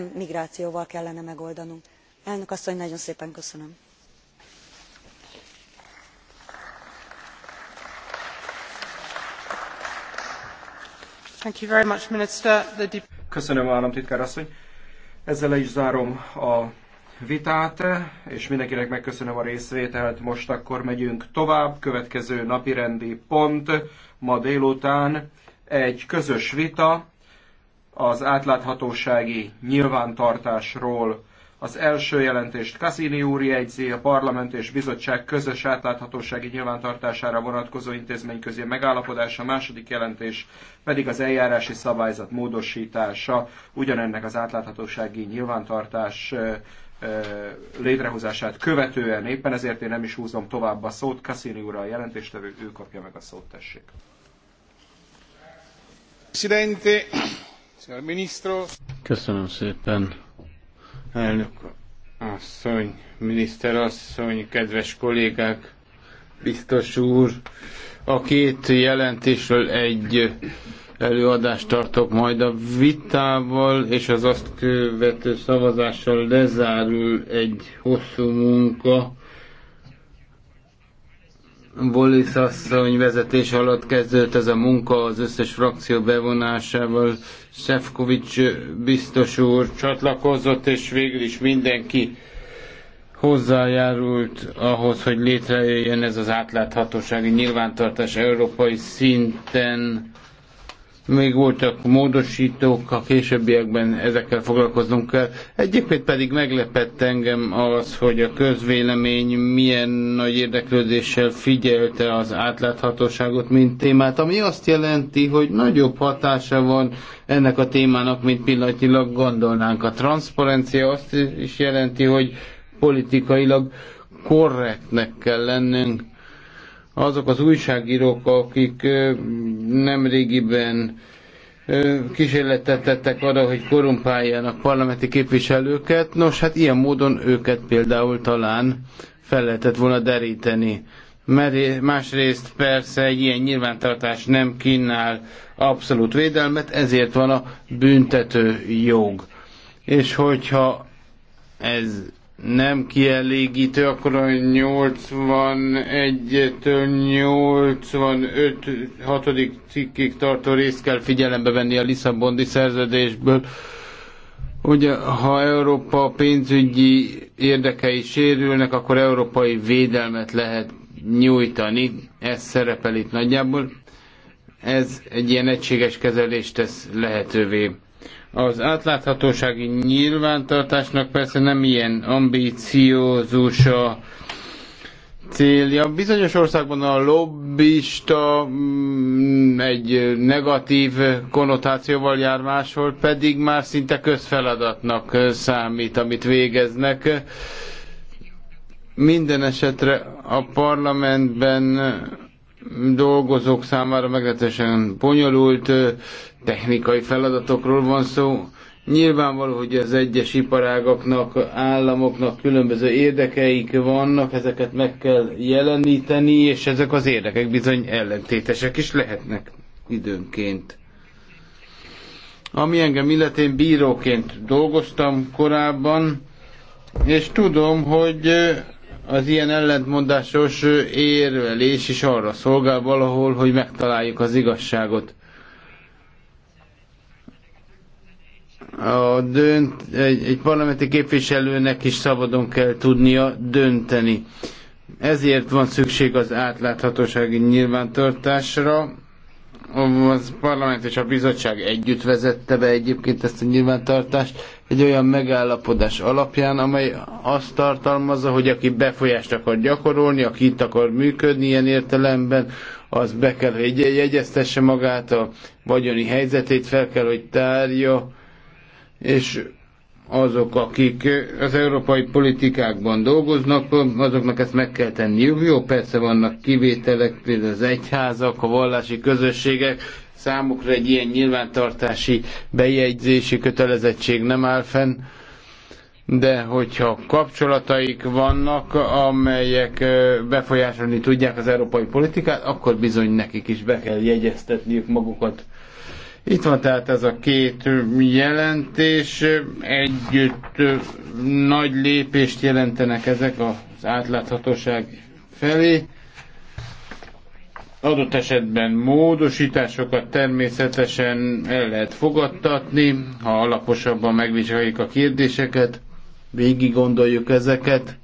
nem migrációval kellene megoldanunk. elnök asszony nagyon szépen köszönöm. Köszönöm, államtitkár asszony. Ezzel le is zárom a vitát, és mindenkinek megköszönöm a részvételt. Most akkor megyünk tovább. Következő napirendi pont ma délután egy közös vita az átláthatósági nyilvántartásról. Az első jelentést Cassini úr jegyzi, a parlament és bizottság közös átláthatósági nyilvántartására vonatkozó intézményközi megállapodás, a második jelentés pedig az eljárási szabályzat módosítása, ugyanennek az átláthatósági nyilvántartás létrehozását követően. Éppen ezért én nem is húzom tovább a szót. Cassini úr a jelentéstevő, ő kapja meg a szót, tessék. Presidente, Köszönöm szépen, elnök asszony, miniszter asszony, kedves kollégák, biztos úr. A két jelentésről egy előadást tartok majd a vitával, és az azt követő szavazással lezárul egy hosszú munka, Bolis asszony vezetés alatt kezdődött ez a munka az összes frakció bevonásával. Szefkovics biztos úr csatlakozott, és végül is mindenki hozzájárult ahhoz, hogy létrejöjjön ez az átláthatósági nyilvántartás európai szinten még voltak módosítók, a későbbiekben ezekkel foglalkoznunk kell. Egyébként pedig meglepett engem az, hogy a közvélemény milyen nagy érdeklődéssel figyelte az átláthatóságot, mint témát, ami azt jelenti, hogy nagyobb hatása van ennek a témának, mint pillanatilag gondolnánk. A transzparencia azt is jelenti, hogy politikailag korrektnek kell lennünk, azok az újságírók, akik régiben kísérletet tettek arra, hogy korumpáljanak parlamenti képviselőket. Nos, hát ilyen módon őket például talán fel lehetett volna deríteni. Mert másrészt persze egy ilyen nyilvántartás nem kínál abszolút védelmet, ezért van a büntető jog. És hogyha ez nem kielégítő, akkor a 81-től 85 6. cikkig tartó részt kell figyelembe venni a Lisszabondi szerződésből. Ugye, ha Európa pénzügyi érdekei sérülnek, akkor európai védelmet lehet nyújtani. Ez szerepel itt nagyjából. Ez egy ilyen egységes kezelést tesz lehetővé az átláthatósági nyilvántartásnak persze nem ilyen ambíciózus a célja. Bizonyos országban a lobbista mm, egy negatív konnotációval jár, máshol pedig már szinte közfeladatnak számít, amit végeznek. Minden esetre a parlamentben dolgozók számára meglehetősen bonyolult technikai feladatokról van szó. Nyilvánvaló, hogy az egyes iparágaknak, államoknak különböző érdekeik vannak, ezeket meg kell jeleníteni, és ezek az érdekek bizony ellentétesek is lehetnek időnként. Ami engem illetén bíróként dolgoztam korábban, és tudom, hogy az ilyen ellentmondásos érvelés is arra szolgál valahol, hogy megtaláljuk az igazságot. A dönt, egy, egy parlamenti képviselőnek is szabadon kell tudnia dönteni. Ezért van szükség az átláthatósági nyilvántartásra, a parlament és a bizottság együtt vezette be egyébként ezt a nyilvántartást egy olyan megállapodás alapján, amely azt tartalmazza, hogy aki befolyást akar gyakorolni, aki itt akar működni ilyen értelemben, az be kell, hogy jegyeztesse magát, a vagyoni helyzetét fel kell, hogy tárja, és azok, akik az európai politikákban dolgoznak, azoknak ezt meg kell tenni. Jó, persze vannak kivételek, például az egyházak, a vallási közösségek, számukra egy ilyen nyilvántartási bejegyzési kötelezettség nem áll fenn, de hogyha kapcsolataik vannak, amelyek befolyásolni tudják az európai politikát, akkor bizony nekik is be kell jegyeztetniük magukat. Itt van tehát ez a két jelentés, együtt nagy lépést jelentenek ezek az átláthatóság felé. Adott esetben módosításokat természetesen el lehet fogadtatni, ha alaposabban megvizsgáljuk a kérdéseket, végig gondoljuk ezeket.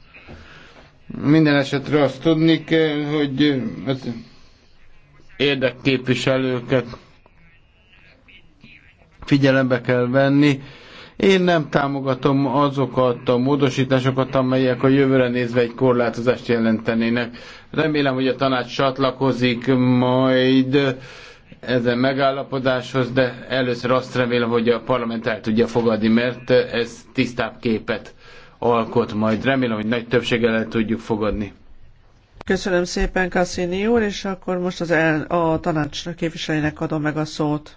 Minden esetre azt tudni kell, hogy az érdekképviselőket figyelembe kell venni. Én nem támogatom azokat a módosításokat, amelyek a jövőre nézve egy korlátozást jelentenének. Remélem, hogy a tanács csatlakozik majd ezen megállapodáshoz, de először azt remélem, hogy a parlament el tudja fogadni, mert ez tisztább képet alkot majd. Remélem, hogy nagy többséggel el tudjuk fogadni. Köszönöm szépen, Cassini úr, és akkor most az el, a tanács képviselőnek adom meg a szót.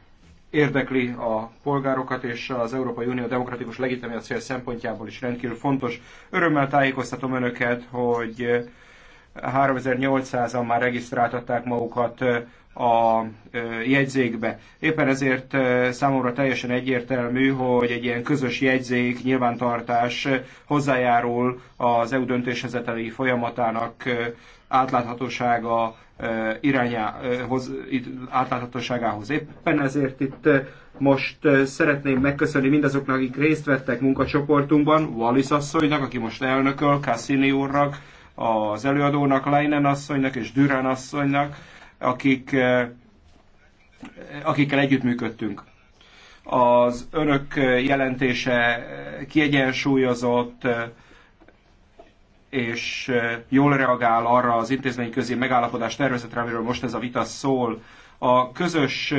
érdekli a polgárokat, és az Európai Unió demokratikus legitimáció szempontjából is rendkívül fontos. Örömmel tájékoztatom önöket, hogy 3800-an már regisztráltatták magukat a jegyzékbe. Éppen ezért számomra teljesen egyértelmű, hogy egy ilyen közös jegyzék, nyilvántartás hozzájárul az EU döntéshezeteli folyamatának átláthatósága irányához, átláthatóságához. Éppen ezért itt most szeretném megköszönni mindazoknak, akik részt vettek munkacsoportunkban, Wallis asszonynak, aki most elnököl, Cassini úrnak, az előadónak, Leinen asszonynak és Dürán asszonynak, akik, akikkel együttműködtünk. Az önök jelentése kiegyensúlyozott, és jól reagál arra az közé megállapodás tervezetre, amiről most ez a vita szól. A közös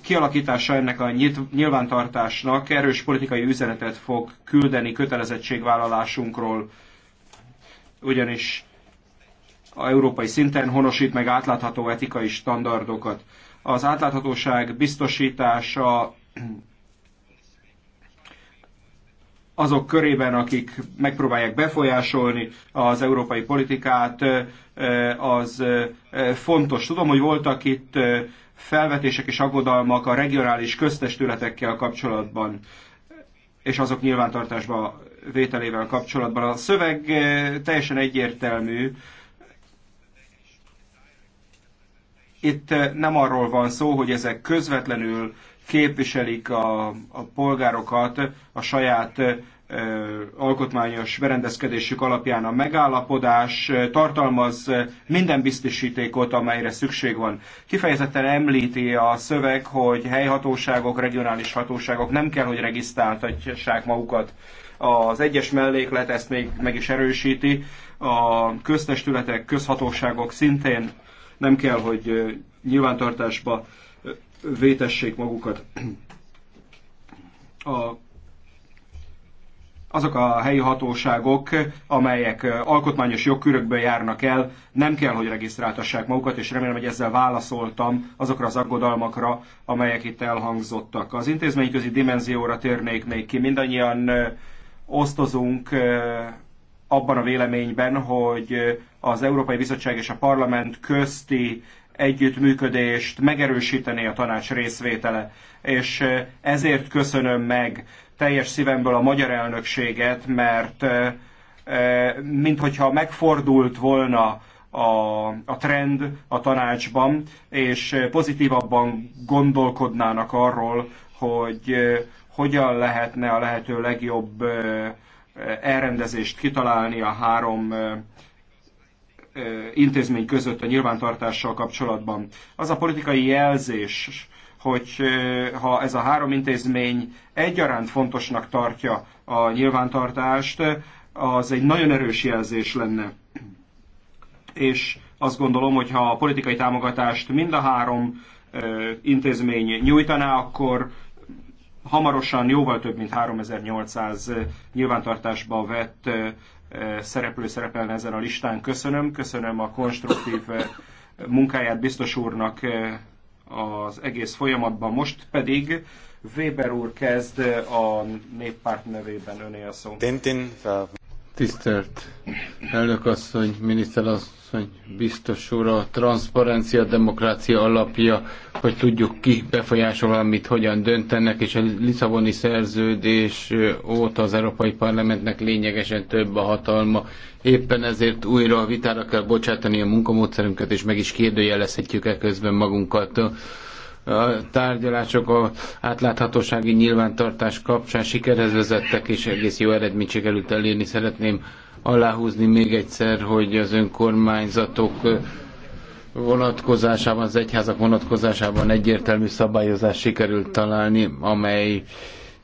kialakítása ennek a nyilvántartásnak erős politikai üzenetet fog küldeni kötelezettségvállalásunkról, ugyanis a európai szinten honosít meg átlátható etikai standardokat. Az átláthatóság biztosítása azok körében, akik megpróbálják befolyásolni az európai politikát, az fontos. Tudom, hogy voltak itt felvetések és aggodalmak a regionális köztestületekkel kapcsolatban, és azok nyilvántartásba vételével kapcsolatban. A szöveg teljesen egyértelmű. Itt nem arról van szó, hogy ezek közvetlenül képviselik a, a polgárokat a saját alkotmányos berendezkedésük alapján a megállapodás tartalmaz minden biztosítékot, amelyre szükség van. Kifejezetten említi a szöveg, hogy helyhatóságok, regionális hatóságok nem kell, hogy regisztráltassák magukat. Az egyes melléklet ezt még meg is erősíti. A köztestületek, közhatóságok szintén nem kell, hogy nyilvántartásba vétessék magukat. A azok a helyi hatóságok, amelyek alkotmányos jogkörökből járnak el, nem kell, hogy regisztráltassák magukat, és remélem, hogy ezzel válaszoltam azokra az aggodalmakra, amelyek itt elhangzottak. Az intézményközi dimenzióra térnék még ki. Mindannyian osztozunk abban a véleményben, hogy az Európai Bizottság és a Parlament közti együttműködést megerősíteni a tanács részvétele. És ezért köszönöm meg teljes szívemből a magyar elnökséget, mert minthogyha megfordult volna a, a trend a tanácsban, és pozitívabban gondolkodnának arról, hogy hogyan lehetne a lehető legjobb elrendezést kitalálni a három intézmény között a nyilvántartással kapcsolatban. Az a politikai jelzés, hogy ha ez a három intézmény egyaránt fontosnak tartja a nyilvántartást, az egy nagyon erős jelzés lenne. És azt gondolom, hogy ha a politikai támogatást mind a három intézmény nyújtaná, akkor hamarosan jóval több mint 3800 nyilvántartásba vett szereplő szerepelne ezen a listán. Köszönöm, köszönöm a konstruktív eh, munkáját biztos úrnak eh, az egész folyamatban. Most pedig Weber úr kezd eh, a néppárt nevében öné a szó. Tisztelt miniszter asszony, biztos úr, a transzparencia, a demokrácia alapja, hogy tudjuk ki befolyásol, mit hogyan döntenek, és a Lisszaboni szerződés óta az Európai Parlamentnek lényegesen több a hatalma. Éppen ezért újra a vitára kell bocsátani a munkamódszerünket, és meg is kérdőjelezhetjük e közben magunkat a tárgyalások a átláthatósági nyilvántartás kapcsán sikerhez vezettek, és egész jó eredményt sikerült elérni. Szeretném aláhúzni még egyszer, hogy az önkormányzatok vonatkozásában, az egyházak vonatkozásában egyértelmű szabályozást sikerült találni, amely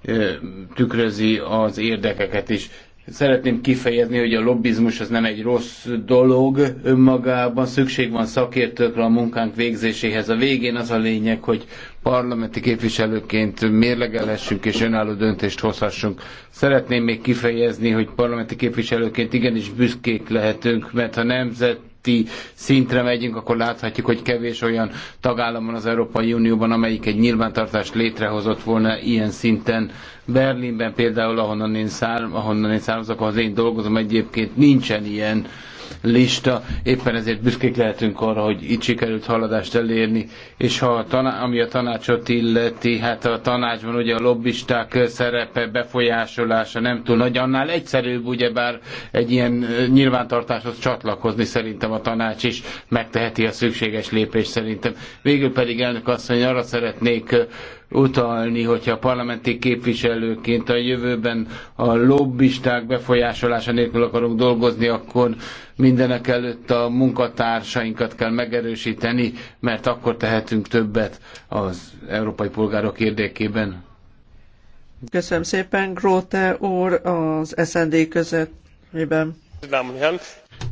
eh, tükrözi az érdekeket is. Szeretném kifejezni, hogy a lobbizmus az nem egy rossz dolog önmagában, szükség van szakértőkre a munkánk végzéséhez. A végén az a lényeg, hogy parlamenti képviselőként mérlegelhessünk és önálló döntést hozhassunk. Szeretném még kifejezni, hogy parlamenti képviselőként igenis büszkék lehetünk, mert a nemzet feletti szintre megyünk, akkor láthatjuk, hogy kevés olyan tagállam van az Európai Unióban, amelyik egy nyilvántartást létrehozott volna ilyen szinten. Berlinben például, ahonnan én, szár, ahonnan én származok, az én dolgozom, egyébként nincsen ilyen lista. Éppen ezért büszkék lehetünk arra, hogy itt sikerült haladást elérni, és ha a taná- ami a tanácsot illeti, hát a tanácsban ugye a lobbisták szerepe, befolyásolása nem túl nagy, annál egyszerűbb ugyebár egy ilyen nyilvántartáshoz csatlakozni szerintem a tanács is megteheti a szükséges lépést szerintem. Végül pedig elnök asszony, arra szeretnék utalni, hogyha parlamenti képviselőként a jövőben a lobbisták befolyásolása nélkül akarunk dolgozni, akkor mindenek előtt a munkatársainkat kell megerősíteni, mert akkor tehetünk többet az európai polgárok érdekében. Köszönöm szépen, Gróte úr, az SND között.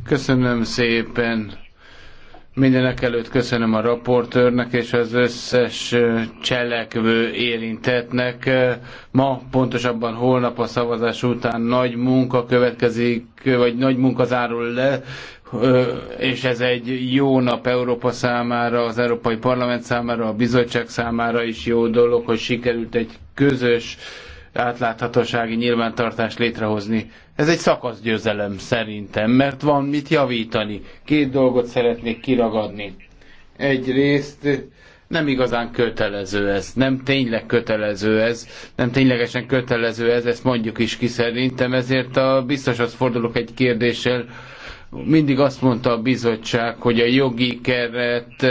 Köszönöm szépen. Mindenek előtt köszönöm a raportőrnek és az összes cselekvő érintetnek. Ma, pontosabban holnap a szavazás után nagy munka következik, vagy nagy munka zárul le, és ez egy jó nap Európa számára, az Európai Parlament számára, a bizottság számára is jó dolog, hogy sikerült egy közös átláthatósági nyilvántartást létrehozni. Ez egy szakaszgyőzelem szerintem, mert van mit javítani. Két dolgot szeretnék kiragadni. Egyrészt nem igazán kötelező ez, nem tényleg kötelező ez, nem ténylegesen kötelező ez, ezt mondjuk is ki szerintem, ezért a, biztos azt fordulok egy kérdéssel, mindig azt mondta a bizottság, hogy a jogi keret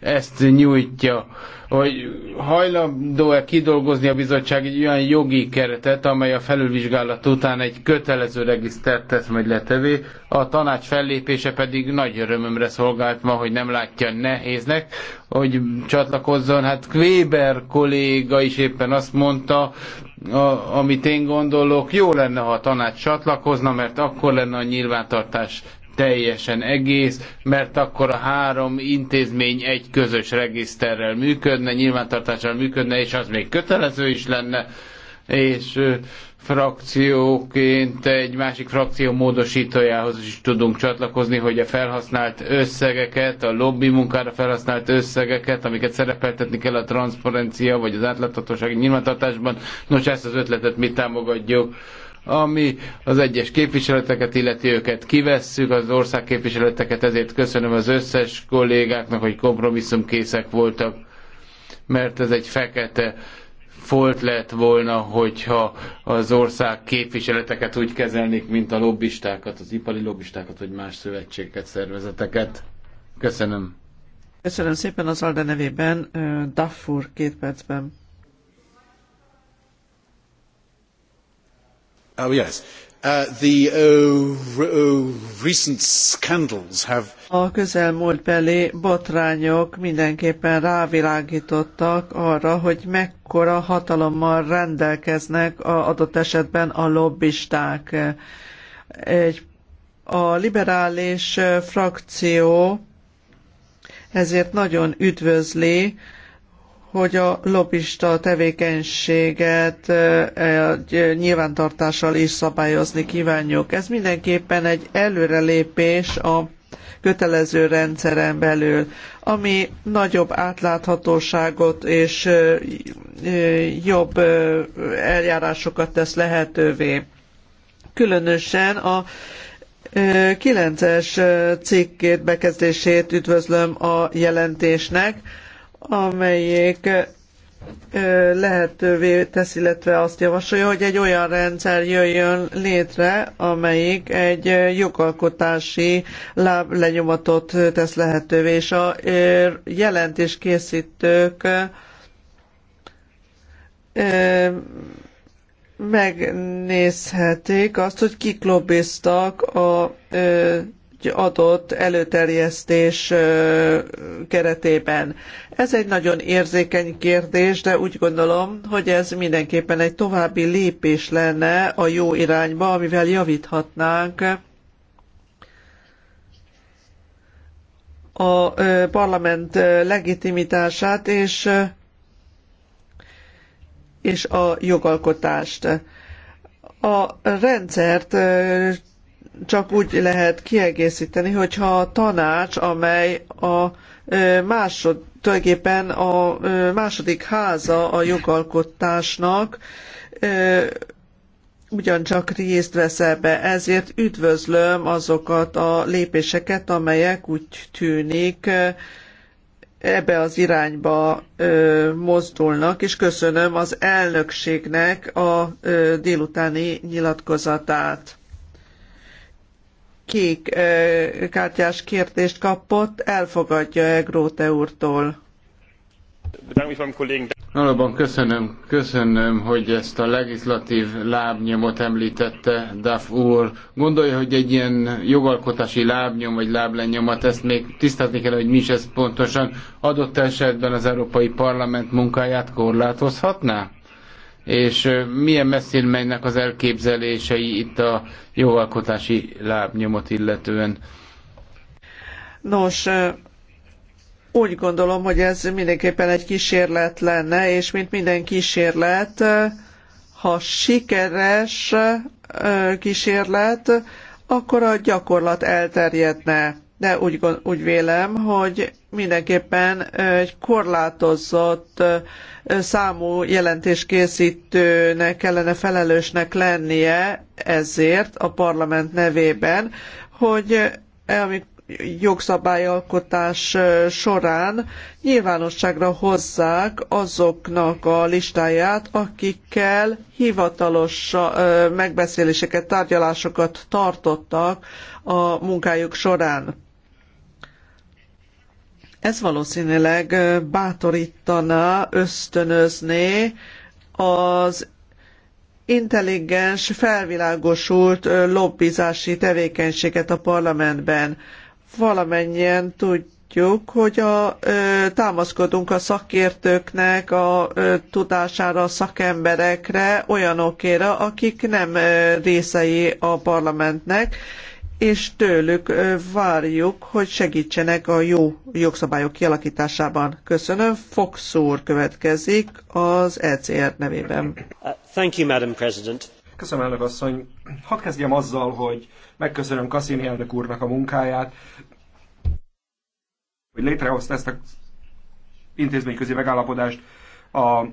ezt nyújtja hogy hajlandó-e kidolgozni a bizottság egy olyan jogi keretet, amely a felülvizsgálat után egy kötelező regisztert tesz majd letevé, a tanács fellépése pedig nagy örömömre szolgált ma, hogy nem látja nehéznek, hogy csatlakozzon. Hát Kléber kolléga is éppen azt mondta, a, amit én gondolok, jó lenne, ha a tanács csatlakozna, mert akkor lenne a nyilvántartás teljesen egész, mert akkor a három intézmény egy közös regiszterrel működne, nyilvántartással működne, és az még kötelező is lenne, és frakcióként egy másik frakció módosítójához is tudunk csatlakozni, hogy a felhasznált összegeket, a lobby munkára felhasznált összegeket, amiket szerepeltetni kell a transzparencia vagy az átláthatósági nyilvántartásban, nos ezt az ötletet mi támogatjuk ami az egyes képviseleteket illeti őket kivesszük, az ország képviseleteket, ezért köszönöm az összes kollégáknak, hogy kompromisszumkészek voltak, mert ez egy fekete folt lett volna, hogyha az ország képviseleteket úgy kezelnék, mint a lobbistákat, az ipari lobbistákat, vagy más szövetségeket, szervezeteket. Köszönöm. Köszönöm szépen az Alde nevében. Daffur két percben. A közelmúltbeli botrányok mindenképpen rávilágítottak arra, hogy mekkora hatalommal rendelkeznek a adott esetben a lobbisták. Egy, a liberális frakció ezért nagyon üdvözli, hogy a lobbista tevékenységet egy nyilvántartással is szabályozni kívánjuk. Ez mindenképpen egy előrelépés a kötelező rendszeren belül, ami nagyobb átláthatóságot és jobb eljárásokat tesz lehetővé. Különösen a 9-es cikkét bekezdését üdvözlöm a jelentésnek, amelyik lehetővé tesz, illetve azt javasolja, hogy egy olyan rendszer jöjjön létre, amelyik egy jogalkotási lenyomatot tesz lehetővé, és a jelentéskészítők megnézhetik azt, hogy kik lobbiztak a adott előterjesztés keretében. Ez egy nagyon érzékeny kérdés, de úgy gondolom, hogy ez mindenképpen egy további lépés lenne a jó irányba, amivel javíthatnánk a parlament legitimitását és, és a jogalkotást. A rendszert csak úgy lehet kiegészíteni, hogyha a tanács, amely a másod, tulajdonképpen a második háza a jogalkotásnak, ugyancsak részt vesz ebbe. Ezért üdvözlöm azokat a lépéseket, amelyek úgy tűnik ebbe az irányba mozdulnak, és köszönöm az elnökségnek a délutáni nyilatkozatát kék kártyás kérdést kapott, elfogadja-e Gróte úrtól? Valóban köszönöm, köszönöm, hogy ezt a legislatív lábnyomot említette Duff úr. Gondolja, hogy egy ilyen jogalkotási lábnyom vagy láblenyomat, ezt még tisztázni kell, hogy mi is ez pontosan adott esetben az Európai Parlament munkáját korlátozhatná? és milyen messzén mennek az elképzelései itt a jogalkotási lábnyomot illetően. Nos, úgy gondolom, hogy ez mindenképpen egy kísérlet lenne, és mint minden kísérlet, ha sikeres kísérlet, akkor a gyakorlat elterjedne de úgy, úgy vélem, hogy mindenképpen egy korlátozott számú jelentéskészítőnek kellene felelősnek lennie ezért a parlament nevében, hogy amikor jogszabályalkotás során nyilvánosságra hozzák azoknak a listáját, akikkel hivatalos megbeszéléseket, tárgyalásokat tartottak a munkájuk során ez valószínűleg bátorítana, ösztönözné az intelligens, felvilágosult lobbizási tevékenységet a parlamentben. Valamennyien tudjuk, hogy a, támaszkodunk a szakértőknek a tudására, a szakemberekre, olyanokéra, akik nem részei a parlamentnek, és tőlük várjuk, hogy segítsenek a jó jogszabályok kialakításában. Köszönöm. Fox úr következik az ECR nevében. Uh, thank you, Madam President. Köszönöm, elnök asszony. Hadd kezdjem azzal, hogy megköszönöm Cassini elnök úrnak a munkáját, hogy létrehozta ezt a intézményközi megállapodást a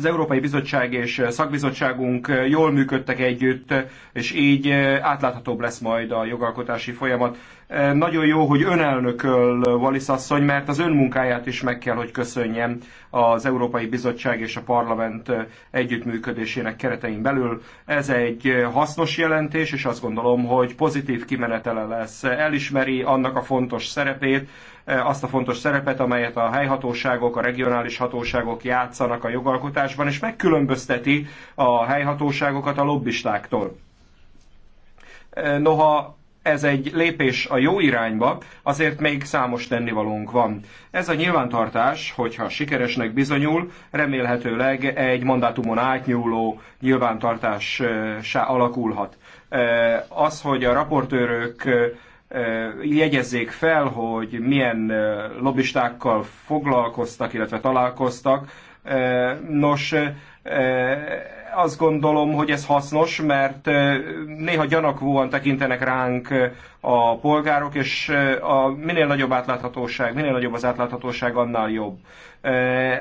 az Európai Bizottság és szakbizottságunk jól működtek együtt, és így eh, átláthatóbb lesz majd a jogalkotási folyamat. Eh, nagyon jó, hogy önelnököl Wallis asszony, mert az önmunkáját is meg kell, hogy köszönjem az Európai Bizottság és a Parlament eh, együttműködésének keretein belül. Ez egy hasznos jelentés, és azt gondolom, hogy pozitív kimenetele lesz. Elismeri annak a fontos szerepét, Eh, azt a fontos szerepet, amelyet a helyhatóságok, a regionális hatóságok játszanak a jogalkotásban, és megkülönbözteti a helyhatóságokat a lobbistáktól. Eh, noha ez egy lépés a jó irányba, azért még számos tennivalónk van. Ez a nyilvántartás, hogyha sikeresnek bizonyul, remélhetőleg egy mandátumon átnyúló nyilvántartássá eh, alakulhat. Az, hogy a raportőrök jegyezzék fel, hogy milyen lobbistákkal foglalkoztak, illetve találkoztak. Nos, azt gondolom, hogy ez hasznos, mert néha gyanakvóan tekintenek ránk a polgárok, és a minél nagyobb átláthatóság, minél nagyobb az átláthatóság, annál jobb.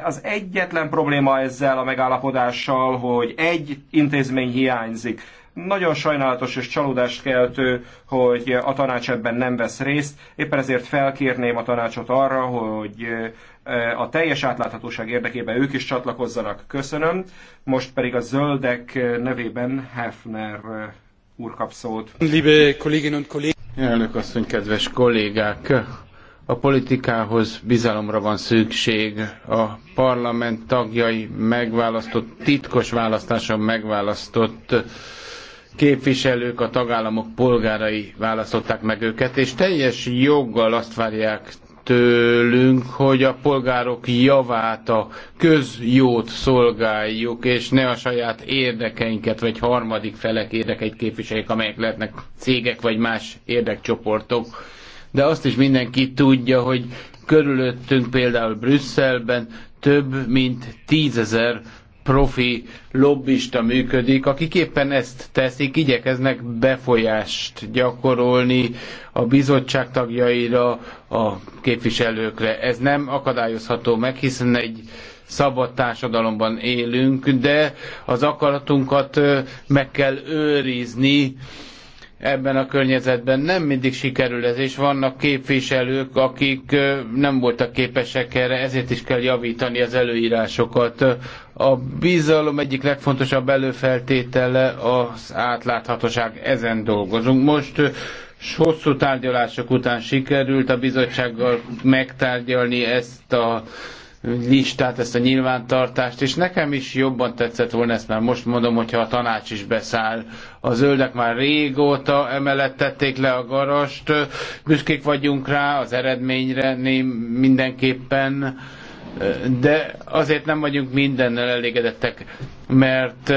Az egyetlen probléma ezzel a megállapodással, hogy egy intézmény hiányzik nagyon sajnálatos és csalódást keltő, hogy a tanács ebben nem vesz részt. Éppen ezért felkérném a tanácsot arra, hogy e, a teljes átláthatóság érdekében ők is csatlakozzanak. Köszönöm. Most pedig a zöldek nevében Hefner úr kap szót. Liebe Kolleginnen und Kollegen! Elnök asszony, kedves kollégák! A politikához bizalomra van szükség. A parlament tagjai megválasztott, titkos választáson megválasztott képviselők, a tagállamok polgárai választották meg őket, és teljes joggal azt várják tőlünk, hogy a polgárok javát, a közjót szolgáljuk, és ne a saját érdekeinket, vagy harmadik felek érdekeit képviseljék, amelyek lehetnek cégek, vagy más érdekcsoportok. De azt is mindenki tudja, hogy körülöttünk például Brüsszelben több mint tízezer profi lobbista működik, akik éppen ezt teszik, igyekeznek befolyást gyakorolni a bizottság tagjaira, a képviselőkre. Ez nem akadályozható meg, hiszen egy szabad társadalomban élünk, de az akaratunkat meg kell őrizni, ebben a környezetben nem mindig sikerül ez, és vannak képviselők, akik nem voltak képesek erre, ezért is kell javítani az előírásokat. A bizalom egyik legfontosabb előfeltétele az átláthatóság, ezen dolgozunk. Most hosszú tárgyalások után sikerült a bizottsággal megtárgyalni ezt a listát, ezt a nyilvántartást, és nekem is jobban tetszett volna ezt, mert most mondom, hogyha a tanács is beszáll. A zöldek már régóta emellett tették le a garast, büszkék vagyunk rá az eredményre, ném mindenképpen de azért nem vagyunk mindennel elégedettek, mert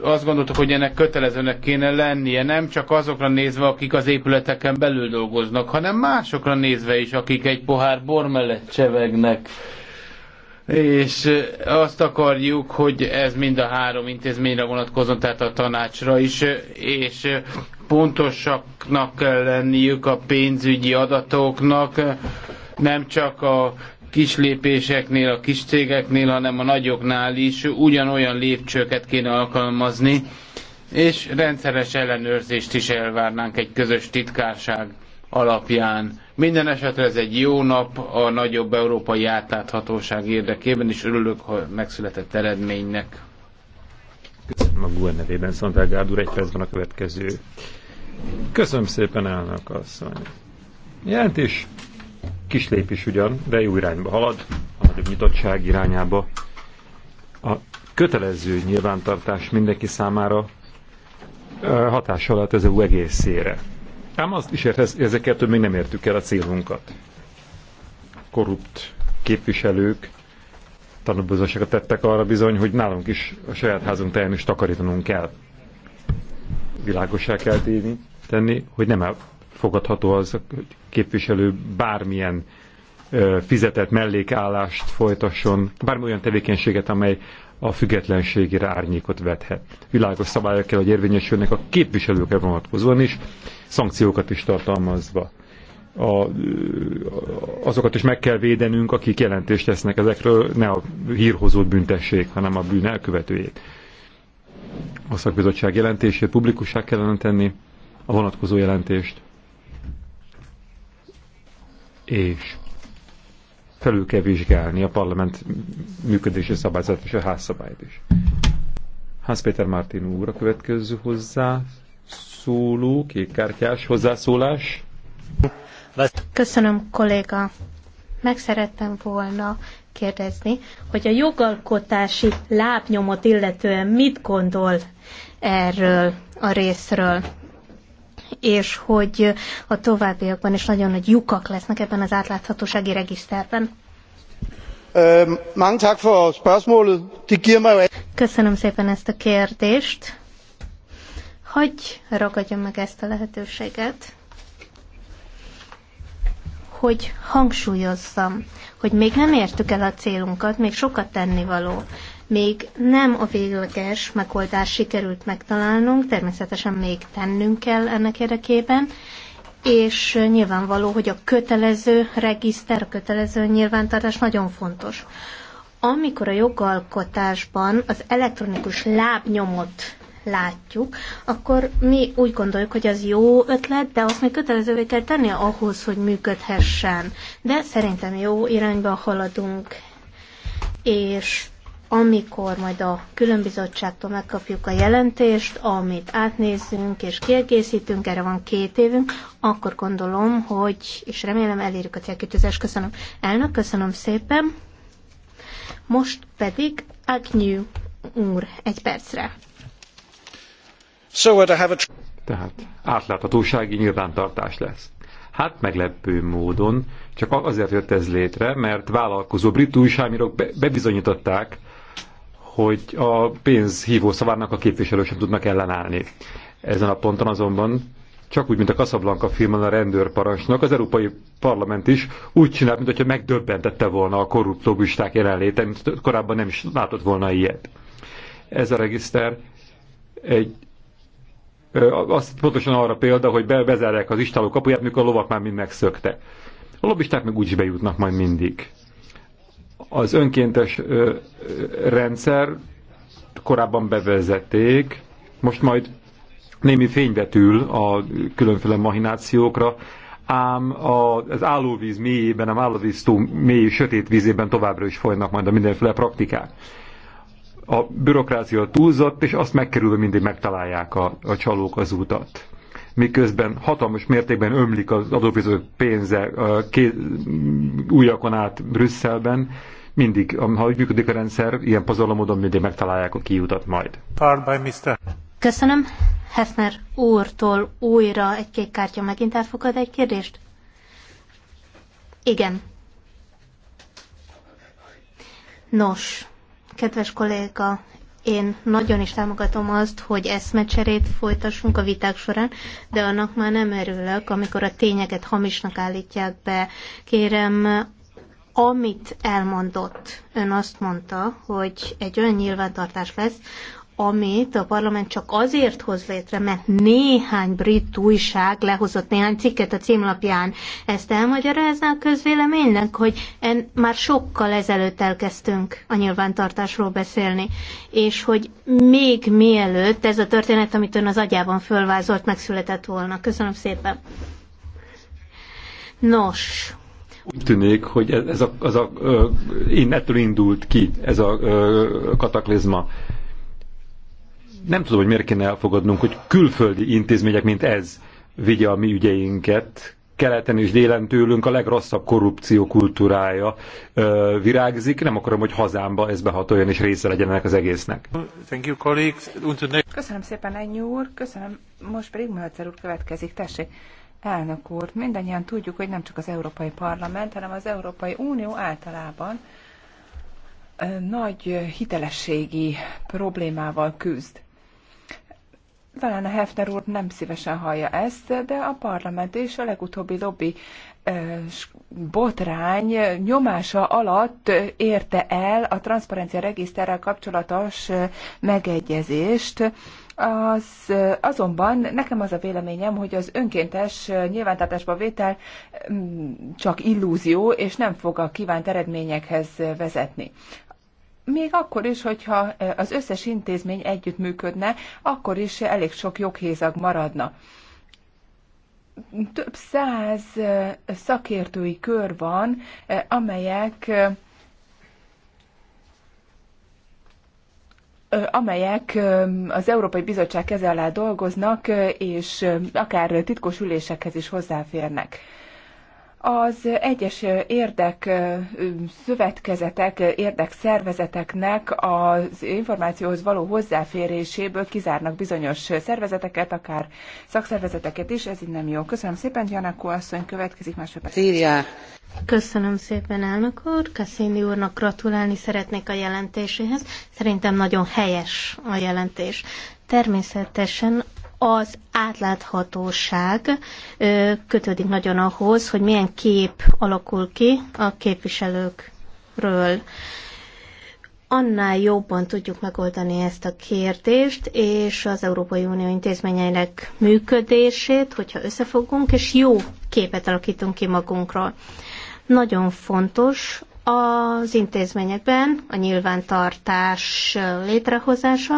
azt gondoltuk, hogy ennek kötelezőnek kéne lennie, nem csak azokra nézve, akik az épületeken belül dolgoznak, hanem másokra nézve is, akik egy pohár bor mellett csevegnek. És azt akarjuk, hogy ez mind a három intézményre vonatkozott, tehát a tanácsra is, és pontosaknak kell lenniük a pénzügyi adatoknak, nem csak a kis lépéseknél, a kis cégeknél, hanem a nagyoknál is ugyanolyan lépcsőket kéne alkalmazni, és rendszeres ellenőrzést is elvárnánk egy közös titkárság alapján. Minden esetre ez egy jó nap a nagyobb európai átláthatóság érdekében, és örülök ha megszületett eredménynek. Köszönöm a GUE nevében, Szontelgárd úr, egy percben a következő. Köszönöm szépen, elnök asszony. Jelentés Kis lépés ugyan, de jó irányba halad, a nagyobb nyitottság irányába. A kötelező nyilvántartás mindenki számára hatással lehet az EU egészére. Ám azt is érhez, ezekkel több még nem értük el a célunkat. Korrupt képviselők tanulbizottságot tettek arra bizony, hogy nálunk is a saját házunk teljesen is takarítanunk kell. Világosá kell tenni, hogy nem fogadható az hogy képviselő bármilyen fizetett mellékállást folytasson, bármi olyan tevékenységet, amely a függetlenségére árnyékot vethet. Világos szabályok kell, hogy érvényesülnek a képviselőkre vonatkozóan is, szankciókat is tartalmazva. A, azokat is meg kell védenünk, akik jelentést tesznek ezekről, ne a hírhozót büntessék, hanem a bűn elkövetőjét. A szakbizottság jelentését publikussá kellene tenni, a vonatkozó jelentést és felül kell vizsgálni a parlament működési szabályzat és a házszabályt is. Hans Péter Martin úr a következő hozzá szóló, kékkártyás hozzászólás. Köszönöm, kolléga. Meg szerettem volna kérdezni, hogy a jogalkotási lábnyomot illetően mit gondol erről a részről és hogy a továbbiakban is nagyon nagy lyukak lesznek ebben az átláthatósági regiszterben. Köszönöm szépen ezt a kérdést. Hogy ragadjam meg ezt a lehetőséget, hogy hangsúlyozzam, hogy még nem értük el a célunkat, még sokat tennivaló. Még nem a végleges megoldást sikerült megtalálnunk, természetesen még tennünk kell ennek érdekében, és nyilvánvaló, hogy a kötelező regiszter, a kötelező nyilvántartás nagyon fontos. Amikor a jogalkotásban az elektronikus lábnyomot látjuk, akkor mi úgy gondoljuk, hogy az jó ötlet, de azt még kötelezővé kell tenni ahhoz, hogy működhessen. De szerintem jó irányba haladunk, és amikor majd a különbizottságtól megkapjuk a jelentést, amit átnézzünk és kiegészítünk, erre van két évünk, akkor gondolom, hogy, és remélem elérjük a célkítőzést. Köszönöm. Elnök, köszönöm szépen. Most pedig Agnyú úr, egy percre. So I have a... Tehát átláthatósági nyilvántartás lesz. Hát meglepő módon, csak azért jött ez létre, mert vállalkozó brit újságírók bebizonyították, hogy a pénz hívó szavának a képviselők sem tudnak ellenállni. Ezen a ponton azonban csak úgy, mint a Casablanca filmen a rendőrparancsnok, az Európai Parlament is úgy csinált, mintha megdöbbentette volna a korrupt lobbisták jelenléte, mint korábban nem is látott volna ilyet. Ez a regiszter egy az pontosan arra példa, hogy bezárják az istáló kapuját, mikor a lovak már mind megszöktek. A lobbisták meg is bejutnak majd mindig az önkéntes rendszer korábban bevezették, most majd némi fényvetül a különféle mahinációkra, ám az állóvíz mélyében, a túl mély sötét vízében továbbra is folynak majd a mindenféle praktikák. A bürokrácia túlzott, és azt megkerülve mindig megtalálják a, a csalók az utat miközben hatalmas mértékben ömlik az adófizetők pénze ké, újakon át Brüsszelben, mindig, ha úgy működik a rendszer, ilyen pazarlomodon mindig megtalálják a kiutat majd. Köszönöm. Hefner úrtól újra egy kék kártya megint elfogad egy kérdést? Igen. Nos, kedves kolléga, én nagyon is támogatom azt, hogy eszmecserét folytassunk a viták során, de annak már nem erőlök, amikor a tényeket hamisnak állítják be. Kérem, amit elmondott, ön azt mondta, hogy egy olyan nyilvántartás lesz, amit a parlament csak azért hoz létre, mert néhány brit újság lehozott néhány cikket a címlapján. Ezt elmagyarázná a közvéleménynek, hogy en, már sokkal ezelőtt elkezdtünk a nyilvántartásról beszélni, és hogy még mielőtt ez a történet, amit ön az agyában fölvázolt, megszületett volna. Köszönöm szépen. Nos, úgy tűnik, hogy ez, a, az a, ö, én ettől indult ki ez a ö, kataklizma nem tudom, hogy miért kéne elfogadnunk, hogy külföldi intézmények, mint ez vigye a mi ügyeinket, keleten és délen tőlünk a legrosszabb korrupció kultúrája ö, virágzik. Nem akarom, hogy hazámba ez behatoljon és része legyen ennek az egésznek. Thank you, colleagues. Köszönöm szépen, Ennyi úr. Köszönöm. Most pedig Mölcer úr következik. Tessék. Elnök úr, mindannyian tudjuk, hogy nem csak az Európai Parlament, hanem az Európai Unió általában nagy hitelességi problémával küzd a Hefner úr nem szívesen hallja ezt, de a parlament és a legutóbbi lobby botrány nyomása alatt érte el a transzparencia regiszterrel kapcsolatos megegyezést. Az, azonban nekem az a véleményem, hogy az önkéntes nyilvántartásba vétel csak illúzió, és nem fog a kívánt eredményekhez vezetni még akkor is, hogyha e, az összes intézmény együttműködne, akkor is elég sok joghézag maradna. Több száz e, szakértői kör van, e, amelyek amelyek az Európai Bizottság keze alá dolgoznak, és akár titkos ülésekhez is hozzáférnek az egyes érdek szövetkezetek, érdekszervezeteknek az információhoz való hozzáféréséből kizárnak bizonyos szervezeteket, akár szakszervezeteket is, ez így nem jó. Köszönöm szépen, Janakó asszony, következik másodperc. Szíria. Köszönöm szépen, elnök úr. Cassini úrnak gratulálni szeretnék a jelentéséhez. Szerintem nagyon helyes a jelentés. Természetesen az átláthatóság kötődik nagyon ahhoz, hogy milyen kép alakul ki a képviselőkről. Annál jobban tudjuk megoldani ezt a kérdést, és az Európai Unió intézményeinek működését, hogyha összefogunk, és jó képet alakítunk ki magunkról. Nagyon fontos az intézményekben a nyilvántartás létrehozása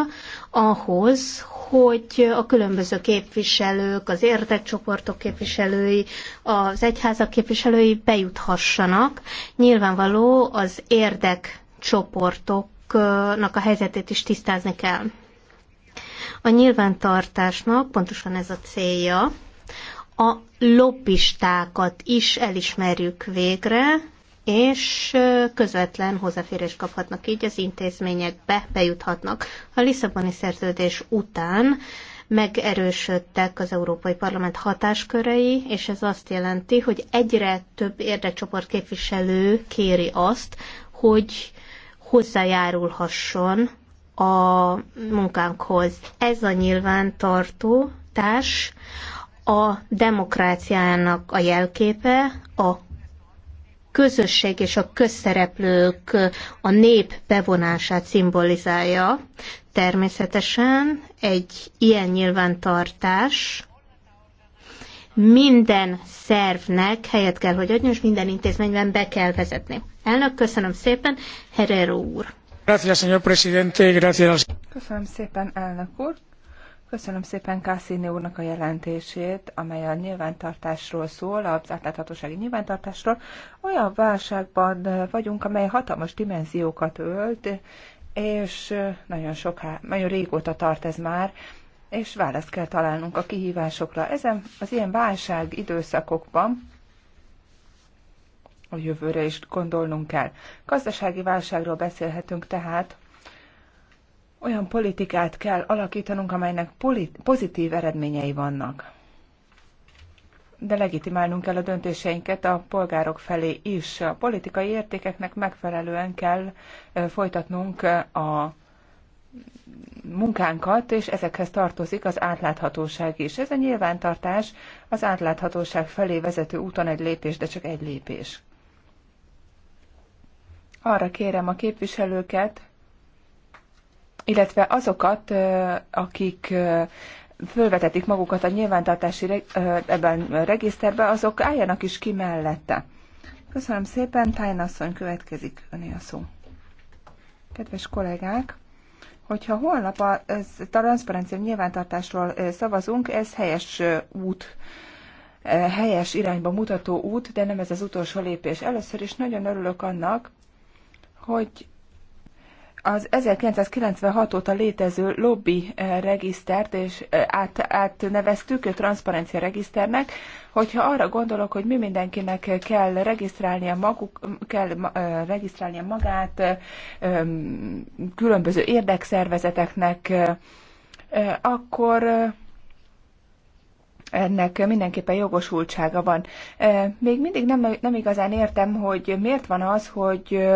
ahhoz, hogy a különböző képviselők, az érdekcsoportok képviselői, az egyházak képviselői bejuthassanak. Nyilvánvaló az érdekcsoportoknak a helyzetét is tisztázni kell. A nyilvántartásnak pontosan ez a célja, a lobbistákat is elismerjük végre, és közvetlen hozzáférés kaphatnak így az intézményekbe, bejuthatnak. A Lisszaboni szerződés után megerősödtek az Európai Parlament hatáskörei, és ez azt jelenti, hogy egyre több érdekcsoport képviselő kéri azt, hogy hozzájárulhasson a munkánkhoz. Ez a nyilvántartó társ a demokráciának a jelképe, a közösség és a közszereplők, a nép bevonását szimbolizálja. Természetesen egy ilyen nyilvántartás minden szervnek helyet kell, hogy adjon, és minden intézményben be kell vezetni. Elnök, köszönöm szépen, Herrero úr. presidente, Köszönöm szépen, elnök úr. Köszönöm szépen Kászíni úrnak a jelentését, amely a nyilvántartásról szól, az átláthatósági nyilvántartásról. Olyan válságban vagyunk, amely hatalmas dimenziókat ölt, és nagyon, soká, nagyon régóta tart ez már, és választ kell találnunk a kihívásokra. Ezen az ilyen válság időszakokban a jövőre is gondolnunk kell. Gazdasági válságról beszélhetünk tehát, olyan politikát kell alakítanunk, amelynek pozitív eredményei vannak. De legitimálnunk kell a döntéseinket a polgárok felé is. A politikai értékeknek megfelelően kell folytatnunk a munkánkat, és ezekhez tartozik az átláthatóság is. Ez a nyilvántartás az átláthatóság felé vezető úton egy lépés, de csak egy lépés. Arra kérem a képviselőket, illetve azokat, akik fölvetetik magukat a nyilvántartási ebben a regiszterbe, azok álljanak is ki mellette. Köszönöm szépen, Tájnasszony következik öné a szó. Kedves kollégák, hogyha holnap a transzparencia nyilvántartásról szavazunk, ez helyes út helyes irányba mutató út, de nem ez az utolsó lépés. Először is nagyon örülök annak, hogy az 1996 óta létező lobby eh, regisztert és eh, át, átneveztük eh, transzparencia regiszternek, hogyha arra gondolok, hogy mi mindenkinek kell regisztrálnia, maguk, kell regisztrálnia magát különböző érdekszervezeteknek, akkor ennek mindenképpen jogosultsága van. Még mindig nem, nem igazán értem, hogy miért van az, hogy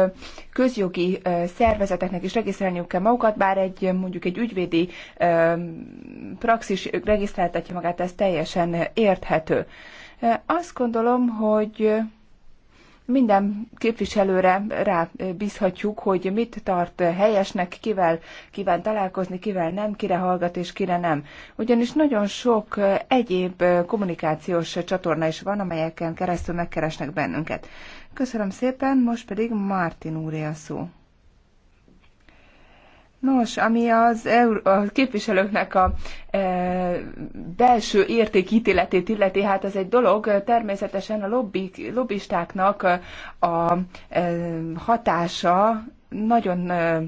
közjogi szervezeteknek is regisztrálniuk kell magukat, bár egy mondjuk egy ügyvédi praxis regisztráltatja magát, ez teljesen érthető. Azt gondolom, hogy minden képviselőre rábízhatjuk, eh, hogy mit tart helyesnek, kivel kíván találkozni, kivel nem, kire hallgat és kire nem. Ugyanis nagyon sok eh, egyéb eh, kommunikációs csatorna is van, amelyeken keresztül megkeresnek bennünket. Köszönöm szépen, most pedig Martin úré a szó. Nos, ami az Euró- a képviselőknek a e, belső értékítéletét illeti, hát ez egy dolog, természetesen a lobby, lobbistáknak a e, hatása nagyon e,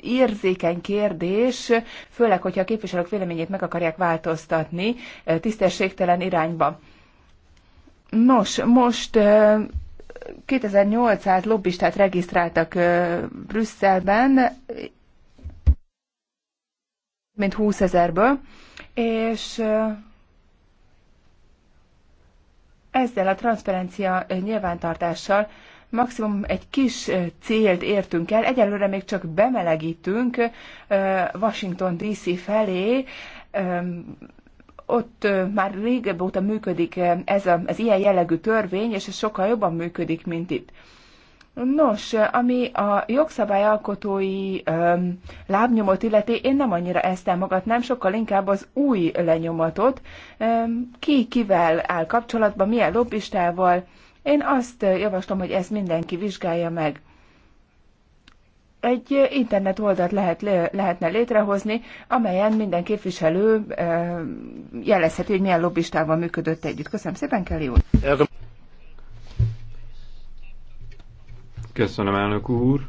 érzékeny kérdés, főleg, hogyha a képviselők véleményét meg akarják változtatni e, tisztességtelen irányba. Nos, most e, 2800 lobbistát regisztráltak e, Brüsszelben, mint 20 ezerből, és ezzel a transzparencia nyilvántartással maximum egy kis célt értünk el, egyelőre még csak bemelegítünk Washington DC felé, ott már régebb óta működik ez a, az ilyen jellegű törvény, és ez sokkal jobban működik, mint itt. Nos, ami a jogszabályalkotói öm, lábnyomot illeti, én nem annyira ezt támogatnám, sokkal inkább az új lenyomatot. Öm, ki kivel áll kapcsolatban, milyen lobbistával. Én azt javaslom, hogy ezt mindenki vizsgálja meg. Egy internet oldalt lehet, lehetne létrehozni, amelyen minden képviselő jelezheti, hogy milyen lobbistával működött együtt. Köszönöm szépen, Kelly úr! Köszönöm, elnök úr.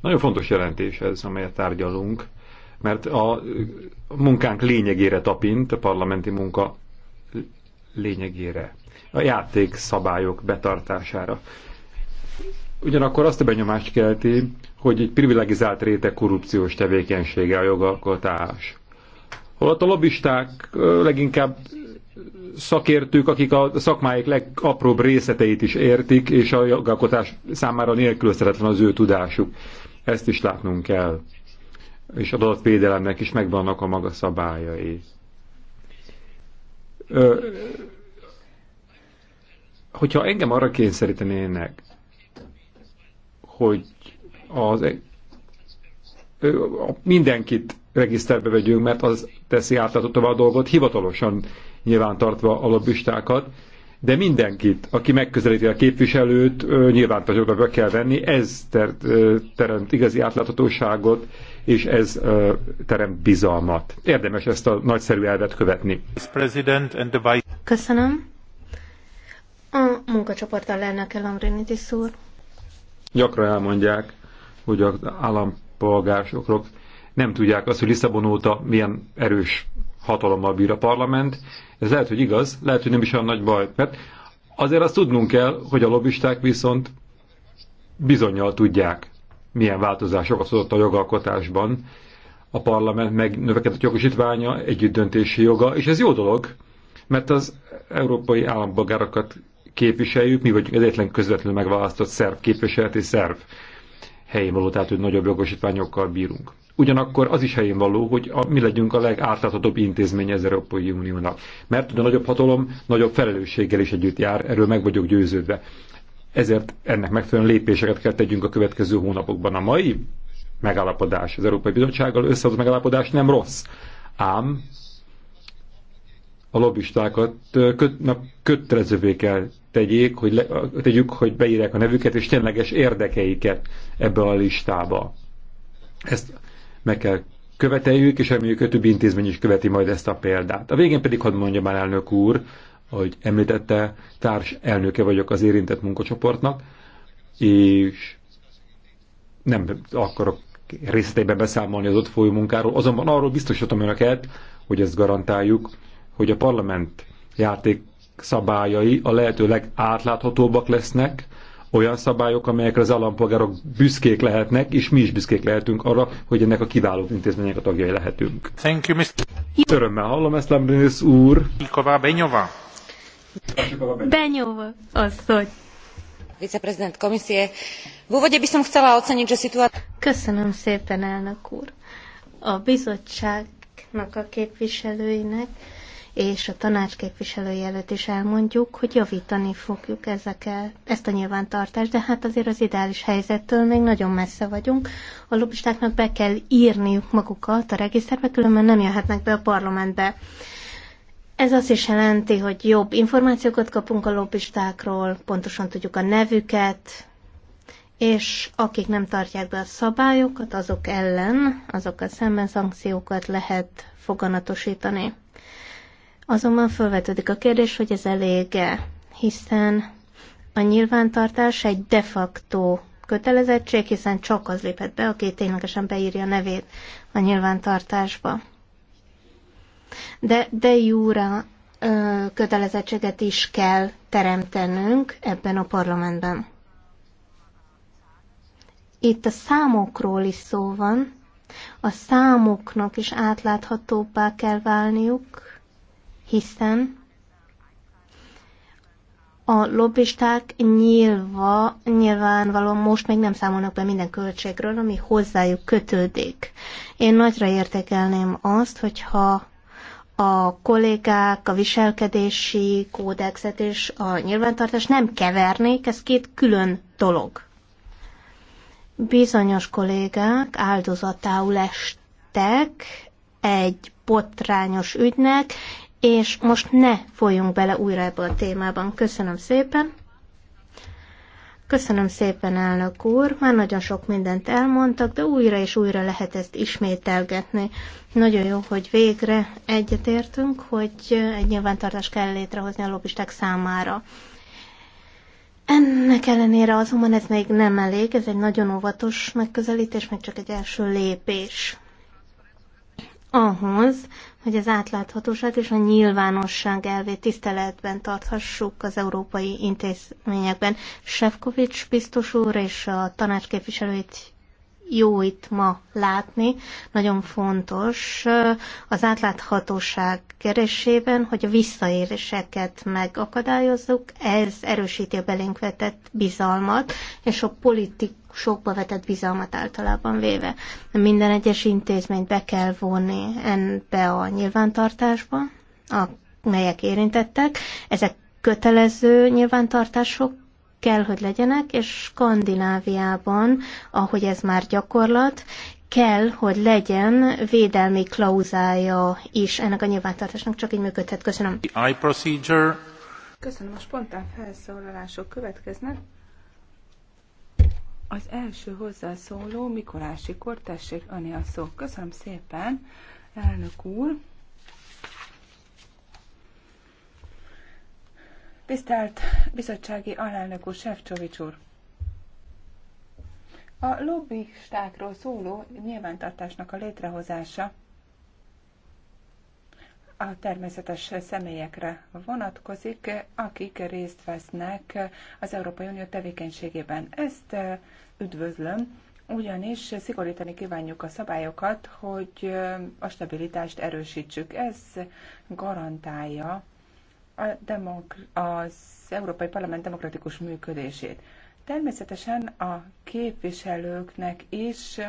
Nagyon fontos jelentés ez, amelyet tárgyalunk, mert a munkánk lényegére tapint, a parlamenti munka lényegére, a játékszabályok betartására. Ugyanakkor azt a benyomást kelti, hogy egy privilegizált réteg korrupciós tevékenysége a jogalkotás. Holott a lobbisták leginkább szakértők, akik a szakmáik legapróbb részleteit is értik, és a jogalkotás számára nélkülözhetetlen az ő tudásuk. Ezt is látnunk kell. És adatvédelemnek is megvannak a maga szabályai. Ö, hogyha engem arra kényszerítenének, hogy az e- mindenkit regiszterbe vegyünk, mert az teszi átláthatóvá a dolgot, hivatalosan nyilván tartva a lobbistákat, de mindenkit, aki megközelíti a képviselőt, nyilvántartóba be kell venni, ez ter- teremt igazi átláthatóságot, és ez teremt bizalmat. Érdemes ezt a nagyszerű elvet követni. Köszönöm. A munkacsoport alelnök Lamrinidis úr. Gyakran elmondják, hogy az állampolgárok nem tudják azt, hogy Lisszabon óta milyen erős hatalommal bír a parlament. Ez lehet, hogy igaz, lehet, hogy nem is olyan nagy baj, mert azért azt tudnunk kell, hogy a lobbisták viszont bizonyal tudják, milyen változások az a jogalkotásban. A parlament megnövekedett jogosítványa, együttdöntési joga, és ez jó dolog, mert az európai állampolgárokat képviseljük, mi vagyunk egyetlen közvetlenül megválasztott szerv, képviseleti szerv helyén való, tehát hogy nagyobb jogosítványokkal bírunk. Ugyanakkor az is helyén való, hogy a, mi legyünk a legátláthatóbb intézmény az Európai Uniónak. Mert a nagyobb hatalom nagyobb felelősséggel is együtt jár, erről meg vagyok győződve. Ezért ennek megfelelően lépéseket kell tegyünk a következő hónapokban. A mai megállapodás az Európai Bizottsággal összehozott megállapodás nem rossz, ám a lobbistákat köt, na, kötelezővé kell tegyék, hogy le, tegyük, hogy beírják a nevüket és tényleges érdekeiket ebbe a listába. Ezt meg kell követeljük, és reméljük, hogy több intézmény is követi majd ezt a példát. A végén pedig hadd mondja már elnök úr, ahogy említette, társ elnöke vagyok az érintett munkacsoportnak, és nem akarok részleteiben beszámolni az ott folyó munkáról, azonban arról biztosítom önöket, hogy ezt garantáljuk, hogy a parlament játék szabályai a lehető legátláthatóbbak lesznek, olyan szabályok, amelyekre az állampolgárok büszkék lehetnek, és mi is büszkék lehetünk arra, hogy ennek a kiváló intézmények a tagjai lehetünk. Thank you, Mr. Örömmel hallom ezt, Lambrinis úr. Niková Benyová. Benyová, asszony. Viceprezident komisie. V úvode by som chcela oceniť, že Köszönöm szépen, elnök úr. A bizottságnak a képviselőinek és a tanácsképviselőjelölt is elmondjuk, hogy javítani fogjuk ezekkel, ezt a nyilvántartást, de hát azért az ideális helyzettől még nagyon messze vagyunk. A lobbistáknak be kell írniuk magukat a regiszterbe, különben nem jöhetnek be a parlamentbe. Ez azt is jelenti, hogy jobb információkat kapunk a lobbistákról, pontosan tudjuk a nevüket, és akik nem tartják be a szabályokat, azok ellen, azokkal szemben szankciókat lehet foganatosítani. Azonban felvetődik a kérdés, hogy ez elége, hiszen a nyilvántartás egy de facto kötelezettség, hiszen csak az léphet be, aki ténylegesen beírja a nevét a nyilvántartásba. De de jura kötelezettséget is kell teremtenünk ebben a parlamentben. Itt a számokról is szó van, a számoknak is átláthatóbbá kell válniuk, hiszen a lobbisták nyilva, nyilvánvalóan most még nem számolnak be minden költségről, ami hozzájuk kötődik. Én nagyra értékelném azt, hogyha a kollégák, a viselkedési kódexet és a nyilvántartást nem kevernék, ez két külön dolog. Bizonyos kollégák áldozatául estek egy botrányos ügynek, és most ne folyjunk bele újra ebbe a témában. Köszönöm szépen. Köszönöm szépen, elnök úr. Már nagyon sok mindent elmondtak, de újra és újra lehet ezt ismételgetni. Nagyon jó, hogy végre egyetértünk, hogy egy nyilvántartást kell létrehozni a lobbisták számára. Ennek ellenére azonban ez még nem elég, ez egy nagyon óvatos megközelítés, meg csak egy első lépés ahhoz, hogy az átláthatóság és a nyilvánosság elvét tiszteletben tarthassuk az európai intézményekben. Sefkovics biztos úr és a tanács jó itt ma látni. Nagyon fontos az átláthatóság keresében, hogy a visszaéréseket megakadályozzuk. Ez erősíti a belénk vetett bizalmat, és a politikusokba vetett bizalmat általában véve. Minden egyes intézményt be kell vonni ebbe a nyilvántartásba, amelyek érintettek. Ezek kötelező nyilvántartások, kell, hogy legyenek, és Skandináviában, ahogy ez már gyakorlat, kell, hogy legyen védelmi klauzája is ennek a nyilvántartásnak, csak így működhet. Köszönöm. eye procedure. Köszönöm, a spontán felszólalások következnek. Az első hozzászóló Mikolási Kortessék, Ani a szó. Köszönöm szépen, elnök úr. Tisztelt bizottsági alelnök úr, Sefcsovics úr! A lobbistákról szóló nyilvántartásnak a létrehozása a természetes személyekre vonatkozik, akik részt vesznek az Európai Unió tevékenységében. Ezt eh, üdvözlöm, ugyanis szigorítani kívánjuk a szabályokat, hogy eh, a stabilitást erősítsük. Ez garantálja a demok- az Európai Parlament demokratikus működését. Természetesen a képviselőknek is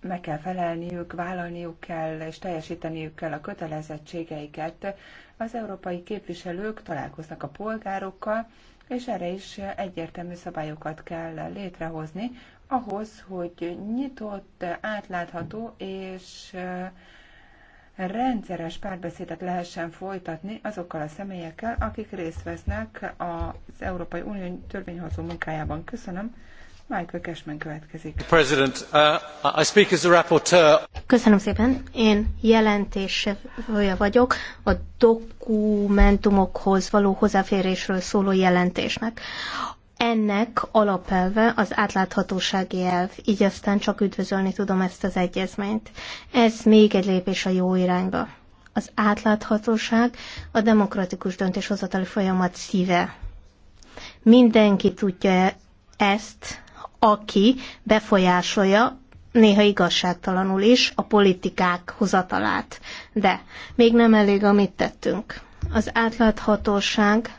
meg kell felelniük, vállalniuk kell, és teljesíteniük kell a kötelezettségeiket. Az európai képviselők találkoznak a polgárokkal, és erre is egyértelmű szabályokat kell létrehozni, ahhoz, hogy nyitott, átlátható és rendszeres párbeszédet lehessen folytatni azokkal a személyekkel, akik részt vesznek az Európai Unió törvényhozó munkájában. Köszönöm. Michael Cashman következik. President, uh, I speak as a rapporteur. Köszönöm szépen. Én jelentésevője vagyok a dokumentumokhoz való hozzáférésről szóló jelentésnek ennek alapelve az átláthatósági elv, így aztán csak üdvözölni tudom ezt az egyezményt. Ez még egy lépés a jó irányba. Az átláthatóság a demokratikus döntéshozatali folyamat szíve. Mindenki tudja ezt, aki befolyásolja, néha igazságtalanul is, a politikák hozatalát. De még nem elég, amit tettünk. Az átláthatóság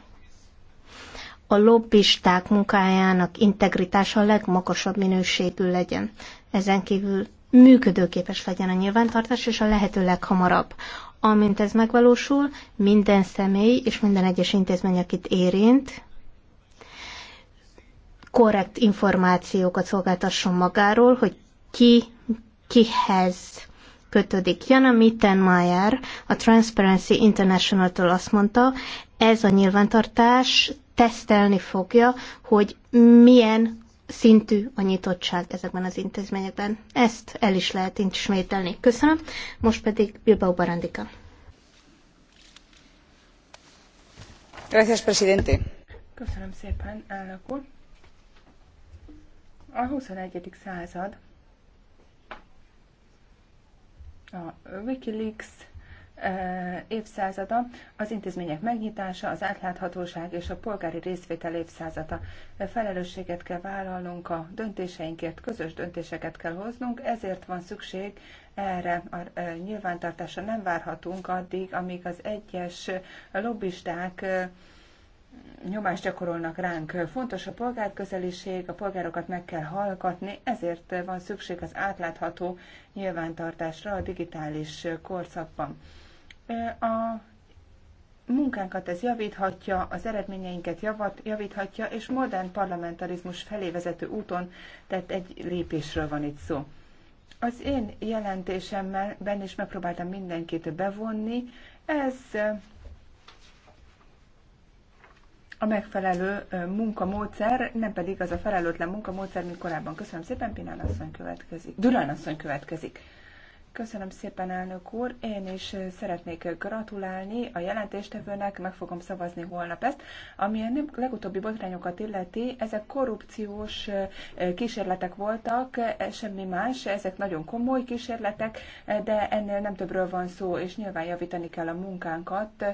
a lobbisták munkájának integritása a legmagasabb minőségű legyen. Ezen kívül működőképes legyen a nyilvántartás, és a lehető leghamarabb. Amint ez megvalósul, minden személy és minden egyes intézmény, akit érint, korrekt információkat szolgáltasson magáról, hogy ki kihez kötődik. Jana Mittenmeier a Transparency International-től azt mondta, ez a nyilvántartás tesztelni fogja, hogy milyen szintű a nyitottság ezekben az intézményekben. Ezt el is lehet ismételni. Köszönöm. Most pedig Bilbao Barandika. Gracias, presidente. Köszönöm szépen, elnök úr. A 21. század a Wikileaks évszázada, az intézmények megnyitása, az átláthatóság és a polgári részvétel évszázada. Felelősséget kell vállalnunk a döntéseinkért, közös döntéseket kell hoznunk, ezért van szükség erre a nyilvántartásra. Nem várhatunk addig, amíg az egyes lobbisták nyomást gyakorolnak ránk. Fontos a polgárközeliség, a polgárokat meg kell hallgatni, ezért van szükség az átlátható nyilvántartásra a digitális korszakban a munkánkat ez javíthatja, az eredményeinket javat, javíthatja, és modern parlamentarizmus felé vezető úton, tehát egy lépésről van itt szó. Az én jelentésemben is megpróbáltam mindenkit bevonni, ez a megfelelő munkamódszer, nem pedig az a felelőtlen munkamódszer, mint korábban. Köszönöm szépen, Pinán asszony következik. Durán asszony következik. Köszönöm szépen, elnök úr. Én is szeretnék gratulálni a jelentéstevőnek, meg fogom szavazni holnap ezt. Ami a legutóbbi botrányokat illeti, ezek korrupciós kísérletek voltak, e, semmi más, ezek nagyon komoly kísérletek, e, de ennél nem többről van szó, és nyilván javítani kell a munkánkat,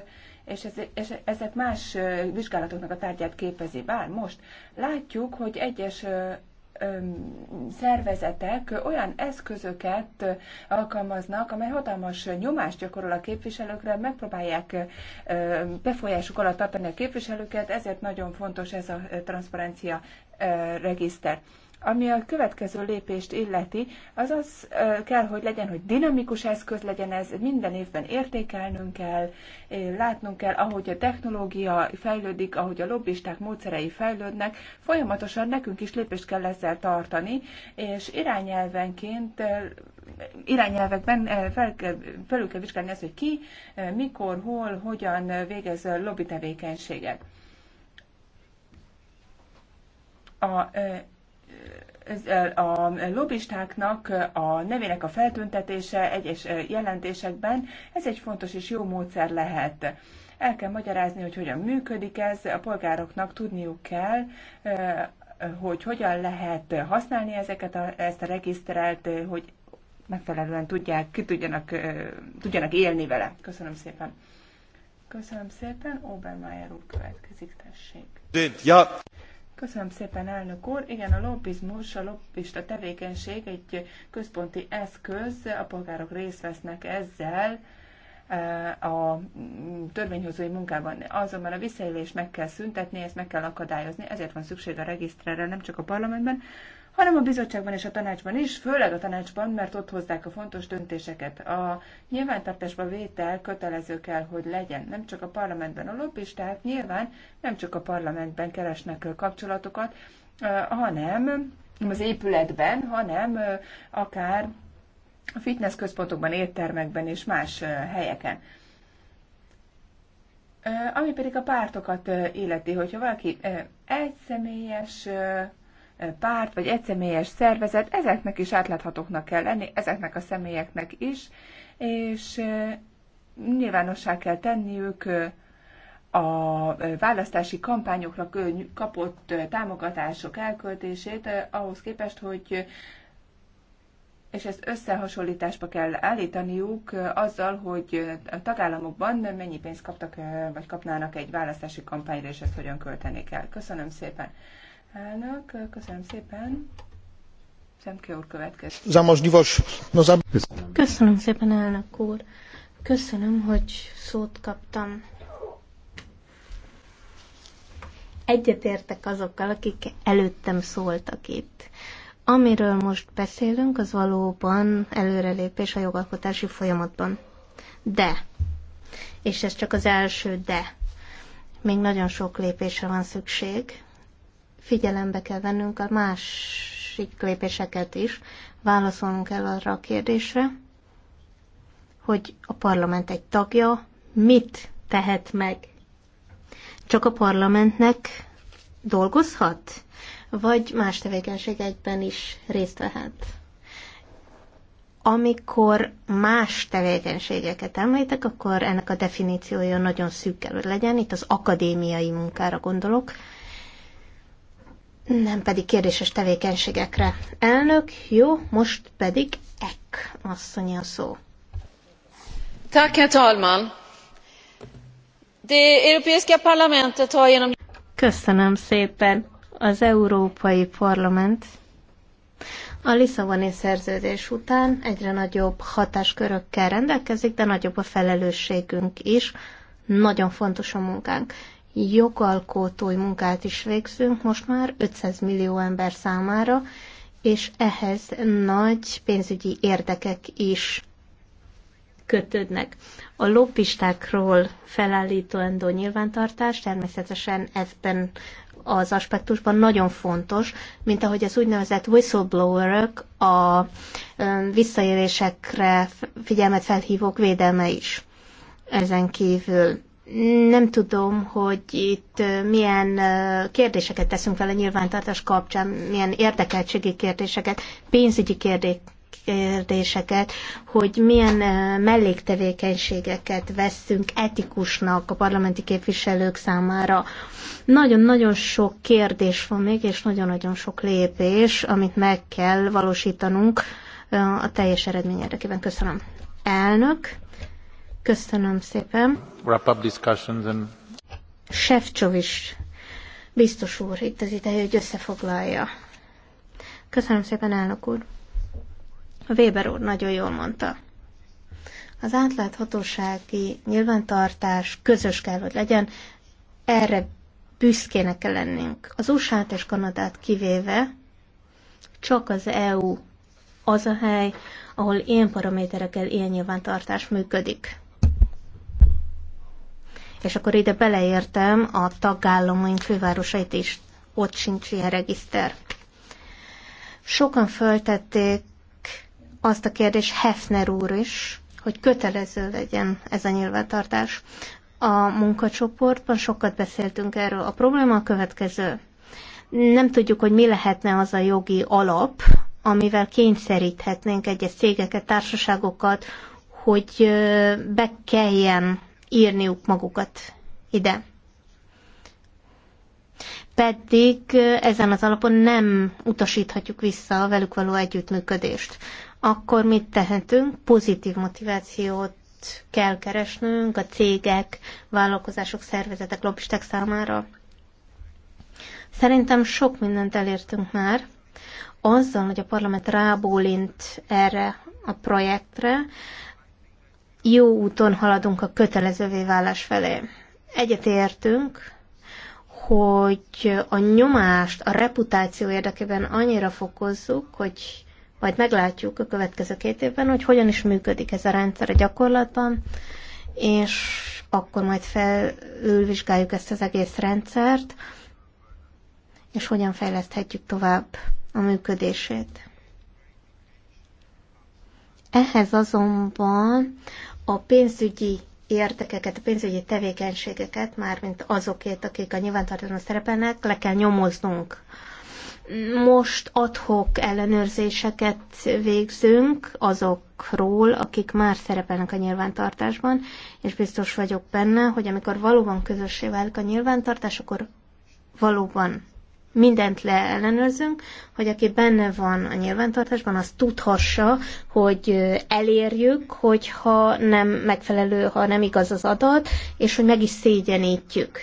és, ez, és ezek más vizsgálatoknak a tárgyát képezi. Bár most látjuk, hogy egyes szervezetek olyan eszközöket alkalmaznak, amely hatalmas nyomást gyakorol a képviselőkre, megpróbálják befolyásuk alatt tartani a képviselőket, ezért nagyon fontos ez a transzparencia regiszter. Ami a következő lépést illeti, az az kell, hogy legyen, hogy dinamikus eszköz legyen ez, minden évben értékelnünk kell, látnunk kell, ahogy a technológia fejlődik, ahogy a lobbisták módszerei fejlődnek, folyamatosan nekünk is lépést kell ezzel tartani, és irányelvenként irányelvekben fel kell, felül kell vizsgálni ezt, hogy ki, mikor, hol, hogyan végez lobby tevékenységet. A a lobbistáknak a nevének a feltüntetése egyes jelentésekben, ez egy fontos és jó módszer lehet. El kell magyarázni, hogy hogyan működik ez, a polgároknak tudniuk kell, hogy hogyan lehet használni ezeket a, ezt a regisztrelt, hogy megfelelően tudják, ki tudjanak, tudjanak élni vele. Köszönöm szépen. Köszönöm szépen. Obermeier úr következik, tessék. Ja. Köszönöm szépen, elnök úr. Igen, a lobbizmus, a lobbista tevékenység egy központi eszköz, a polgárok részt vesznek ezzel e, a törvényhozói munkában. Azonban a visszaélés meg kell szüntetni, ezt meg kell akadályozni, ezért van szükség a regisztrára nem csak a parlamentben, hanem a bizottságban és a tanácsban is, főleg a tanácsban, mert ott hozzák a fontos döntéseket. A nyilvántartásba vétel kötelező kell, hogy legyen. Nem csak a parlamentben a lobbisták, nyilván nem csak a parlamentben keresnek kapcsolatokat, hanem az épületben, hanem akár a fitness központokban, éttermekben és más helyeken. Ami pedig a pártokat illeti, hogyha valaki egyszemélyes párt vagy egyszemélyes szervezet, ezeknek is átláthatóknak kell lenni, ezeknek a személyeknek is, és nyilvánossá kell tenniük a választási kampányokra kapott támogatások elköltését ahhoz képest, hogy és ezt összehasonlításba kell állítaniuk azzal, hogy a tagállamokban mennyi pénzt kaptak, vagy kapnának egy választási kampányra, és ezt hogyan költenék el. Köszönöm szépen. Elnök, köszönöm szépen. Szemke úr következő. Köszönöm szépen, elnök úr. Köszönöm, hogy szót kaptam. Egyetértek azokkal, akik előttem szóltak itt. Amiről most beszélünk, az valóban előrelépés a jogalkotási folyamatban. De, és ez csak az első de, még nagyon sok lépésre van szükség, figyelembe kell vennünk a másik lépéseket is, válaszolnunk kell arra a kérdésre, hogy a parlament egy tagja mit tehet meg. Csak a parlamentnek dolgozhat, vagy más tevékenységekben is részt vehet. Amikor más tevékenységeket említek, akkor ennek a definíciója nagyon szűk kell, hogy legyen. Itt az akadémiai munkára gondolok, nem pedig kérdéses tevékenységekre. Elnök, jó, most pedig Ek asszony a szó. Tack, herr talman. Köszönöm szépen. Az Európai Parlament a Lisszaboni szerződés után egyre nagyobb hatáskörökkel rendelkezik, de nagyobb a felelősségünk is. Nagyon fontos a munkánk jogalkotói munkát is végzünk most már 500 millió ember számára, és ehhez nagy pénzügyi érdekek is kötődnek. A lobbistákról felállítóendó nyilvántartás természetesen ebben az aspektusban nagyon fontos, mint ahogy az úgynevezett whistleblowerök, a visszaélésekre figyelmet felhívók védelme is. Ezen kívül nem tudom, hogy itt milyen kérdéseket teszünk vele nyilvántartás kapcsán, milyen érdekeltségi kérdéseket, pénzügyi kérdéseket, hogy milyen melléktevékenységeket veszünk etikusnak a parlamenti képviselők számára. Nagyon-nagyon sok kérdés van még, és nagyon-nagyon sok lépés, amit meg kell valósítanunk a teljes eredmény érdekében. Köszönöm. Elnök. Köszönöm szépen. Wrap up discussions and... Sefcsovics biztos úr, itt az ideje, hogy összefoglalja. Köszönöm szépen, elnök úr. Weber úr nagyon jól mondta. Az átláthatósági nyilvántartás közös kell, hogy legyen. Erre büszkének kell lennünk. Az usa és Kanadát kivéve csak az EU az a hely, ahol ilyen paraméterekkel ilyen nyilvántartás működik és akkor ide beleértem a tagállamaink fővárosait is, ott sincs ilyen regiszter. Sokan föltették azt a kérdést, Hefner úr is, hogy kötelező legyen ez a nyilvántartás. A munkacsoportban sokat beszéltünk erről. A probléma a következő. Nem tudjuk, hogy mi lehetne az a jogi alap, amivel kényszeríthetnénk egyes cégeket, társaságokat, hogy be kelljen írniuk magukat ide. Pedig ezen az alapon nem utasíthatjuk vissza a velük való együttműködést. Akkor mit tehetünk? Pozitív motivációt kell keresnünk a cégek, vállalkozások, szervezetek, lobbisták számára. Szerintem sok mindent elértünk már. Azzal, hogy a parlament rábólint erre a projektre, jó úton haladunk a kötelezővé válás felé. Egyetértünk, hogy a nyomást a reputáció érdekében annyira fokozzuk, hogy majd meglátjuk a következő két évben, hogy hogyan is működik ez a rendszer a gyakorlatban, és akkor majd felülvizsgáljuk ezt az egész rendszert, és hogyan fejleszthetjük tovább a működését. Ehhez azonban a pénzügyi értekeket, a pénzügyi tevékenységeket, mármint azokét, akik a nyilvántartóan szerepelnek, le kell nyomoznunk. Most adhok ellenőrzéseket végzünk azokról, akik már szerepelnek a nyilvántartásban, és biztos vagyok benne, hogy amikor valóban közössé válik a nyilvántartás, akkor valóban mindent leellenőrzünk, hogy aki benne van a nyilvántartásban, az tudhassa, hogy elérjük, hogyha nem megfelelő, ha nem igaz az adat, és hogy meg is szégyenítjük.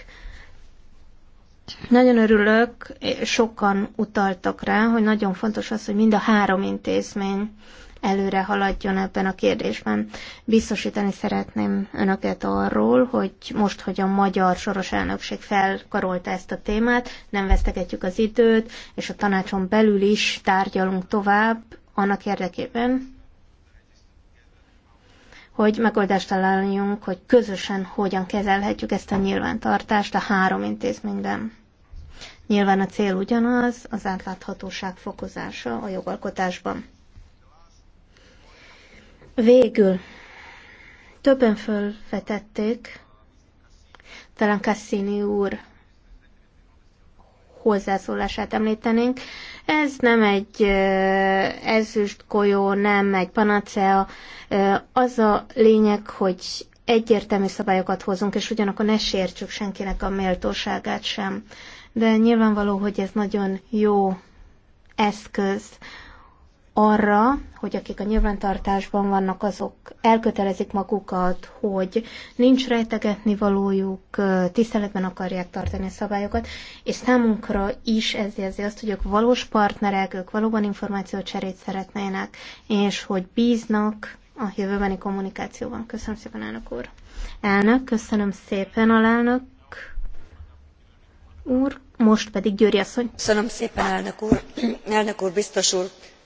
Nagyon örülök, sokan utaltak rá, hogy nagyon fontos az, hogy mind a három intézmény előre haladjon ebben a kérdésben. Biztosítani szeretném önöket arról, hogy most, hogy a magyar soros elnökség felkarolta ezt a témát, nem vesztegetjük az időt, és a tanácson belül is tárgyalunk tovább annak érdekében, hogy megoldást találjunk, hogy közösen hogyan kezelhetjük ezt a nyilvántartást a három intézményben. Nyilván a cél ugyanaz, az átláthatóság fokozása a jogalkotásban. Végül többen fölvetették, talán Cassini úr hozzászólását említenénk. Ez nem egy ezüst golyó, nem egy panacea. Az a lényeg, hogy egyértelmű szabályokat hozunk, és ugyanakkor ne sértsük senkinek a méltóságát sem. De nyilvánvaló, hogy ez nagyon jó eszköz arra, hogy akik a nyilvántartásban vannak, azok elkötelezik magukat, hogy nincs rejtegetni valójuk, tiszteletben akarják tartani a szabályokat, és számunkra is ez jelzi azt, hogy ők valós partnerek, ők valóban információcserét szeretnének, és hogy bíznak a jövőbeni kommunikációban. Köszönöm szépen, elnök úr. Elnök, köszönöm szépen, alelnök úr, most pedig Győri asszony. Köszönöm szépen, elnök úr, elnök úr biztos úr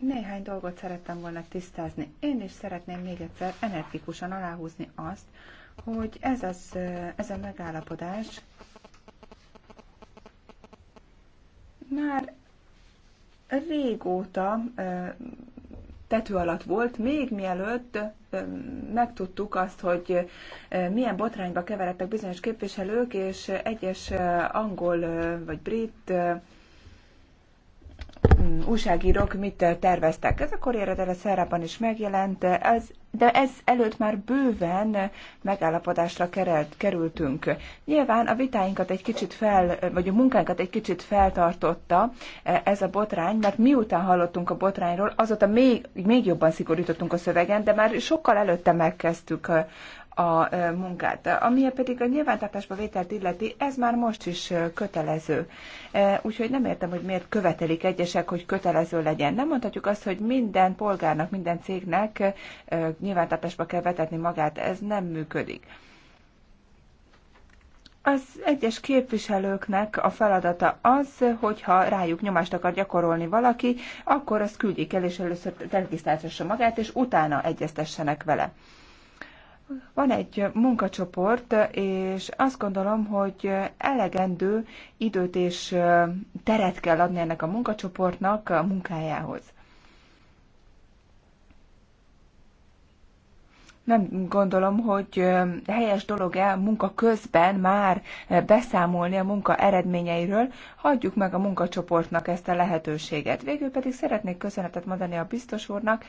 Néhány dolgot szerettem volna tisztázni. Én is szeretném még egyszer energikusan aláhúzni azt, hogy ez, az, ez a megállapodás már régóta tető alatt volt, még mielőtt megtudtuk azt, hogy milyen botrányba keveredtek bizonyos képviselők, és egyes angol vagy brit Mm, újságírók mit terveztek. Ez a Corriere della serra is megjelent, ez, de ez előtt már bőven megállapodásra kerelt, kerültünk. Nyilván a vitáinkat egy kicsit fel, vagy a munkánkat egy kicsit feltartotta e, ez a botrány, mert miután hallottunk a botrányról, azóta még, még jobban szigorítottunk a szövegen, de már sokkal előtte megkezdtük a munkát. Ami pedig a nyilvántartásba vételt illeti, ez már most is kötelező. Úgyhogy nem értem, hogy miért követelik egyesek, hogy kötelező legyen. Nem mondhatjuk azt, hogy minden polgárnak, minden cégnek nyilvántartásba kell vetetni magát. Ez nem működik. Az egyes képviselőknek a feladata az, hogyha rájuk nyomást akar gyakorolni valaki, akkor azt küldjék el, és először regisztráltassa magát, és utána egyeztessenek vele. Van egy munkacsoport, és azt gondolom, hogy elegendő időt és teret kell adni ennek a munkacsoportnak a munkájához. nem gondolom, hogy helyes dolog-e munka közben már beszámolni a munka eredményeiről, hagyjuk meg a munkacsoportnak ezt a lehetőséget. Végül pedig szeretnék köszönetet mondani a biztos úrnak,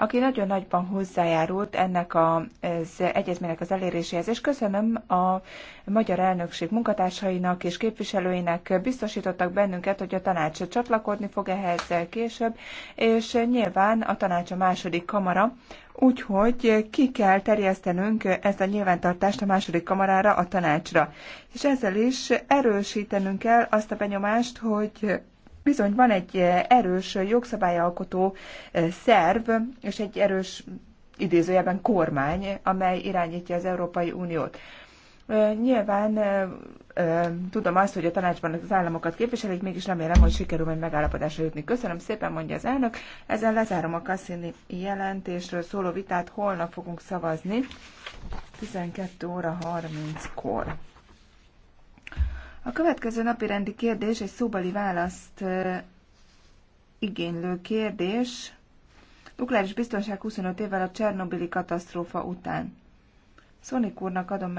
aki nagyon nagyban hozzájárult ennek az egyezménynek az eléréséhez, és köszönöm a magyar elnökség munkatársainak és képviselőinek biztosítottak bennünket, hogy a tanács csatlakozni fog ehhez később, és nyilván a tanács a második kamara, Úgyhogy ki kell terjesztenünk ezt a nyilvántartást a második kamarára, a tanácsra. És ezzel is erősítenünk kell azt a benyomást, hogy Bizony van egy eh, erős jogszabályalkotó eh, szerv, és egy erős idézőjelben kormány, amely irányítja az Európai Uniót. Eh, nyilván tudom azt, hogy a tanácsban az államokat képviselik, mégis remélem, hogy sikerül majd megállapodásra jutni. Köszönöm szépen, mondja az elnök. Ezzel lezárom a Cassini jelentésről szóló vitát. Holnap fogunk szavazni 12 óra 30-kor. A következő napi rendi kérdés egy szóbali választ igénylő kérdés. Nukleáris biztonság 25 évvel a Csernobili katasztrófa után. Szonik úrnak adom meg